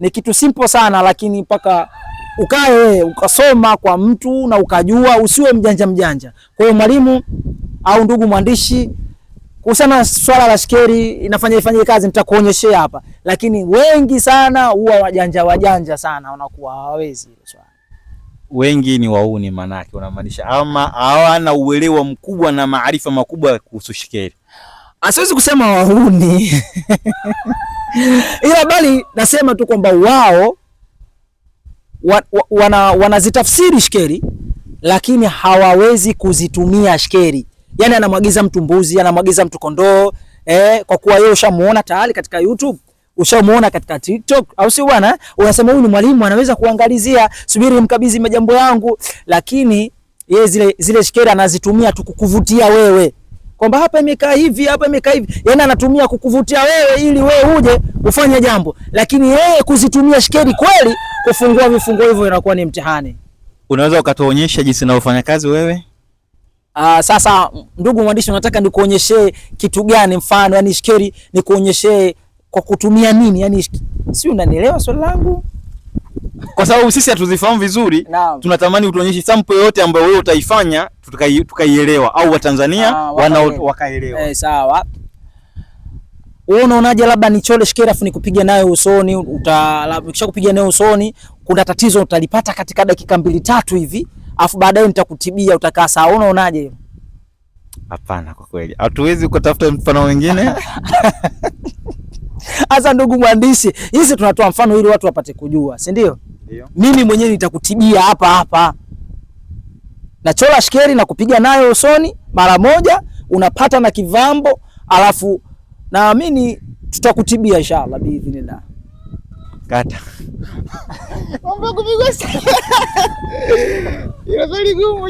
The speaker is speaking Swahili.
Ni kitu simple sana, lakini mpaka ukae wewe ukasoma kwa mtu na ukajua, usiwe mjanja mjanja. Kwa hiyo mwalimu au ndugu mwandishi, kuhusiana swala la shikeli inafanya ifanye kazi, nitakuonyeshea hapa, lakini wengi sana huwa wajanja wajanja sana, wanakuwa hawawezi hilo swala. Wengi ni wauni, manake unamaanisha ama hawana uelewa mkubwa na maarifa makubwa kuhusu shikeli. Asiwezi ah, kusema wauni ila bali nasema tu kwamba wao wa, wa, wana, wanazitafsiri shkeli lakini hawawezi kuzitumia shkeli. Yani anamwagiza mtu mbuzi, anamwagiza mtu kondoo eh, kwa kuwa yeye ushamuona tayari katika YouTube ushamuona katika TikTok au si bwana? Unasema huyu ni mwalimu, anaweza kuangalizia, subiri mkabidhi majambo yangu, lakini yeye zile, zile shkeli anazitumia tu kukuvutia wewe kwamba hapa imekaa hivi, hapa imekaa hivi, yani anatumia kukuvutia wewe ili wewe uje ufanye jambo, lakini yeye kuzitumia shikeli kweli kufungua vifungo hivyo inakuwa ni mtihani. Unaweza ukatuonyesha jinsi unavyofanya kazi wewe? Aa, ah, sasa ndugu mwandishi, unataka nikuonyeshe kitu gani? Mfano yani shikeli nikuonyeshe kwa kutumia nini? Yani si unanielewa swali langu? Kwa sababu sisi hatuzifahamu vizuri, tunatamani utuonyeshe sample yoyote ambayo wewe utaifanya tukaielewa tuka au Watanzania ah, wakaelewa. Eh, sawa. Wewe unaonaje, labda nichole afu nikupige nayo usoni? Ukisha kupiga nayo usoni, kuna tatizo utalipata katika dakika mbili tatu hivi, afu baadaye nitakutibia, utakaa sawa. Unaonaje? Hapana, kwa kweli hatuwezi kutafuta mfano mwingine Asa ndugu mwandishi, hizi tunatoa mfano ili watu wapate kujua, si ndio? Mimi mwenyewe nitakutibia hapa hapa nachola shkeri na kupiga nayo usoni mara moja, unapata na kivambo, alafu naamini tutakutibia inshallah biidhnillah. Kata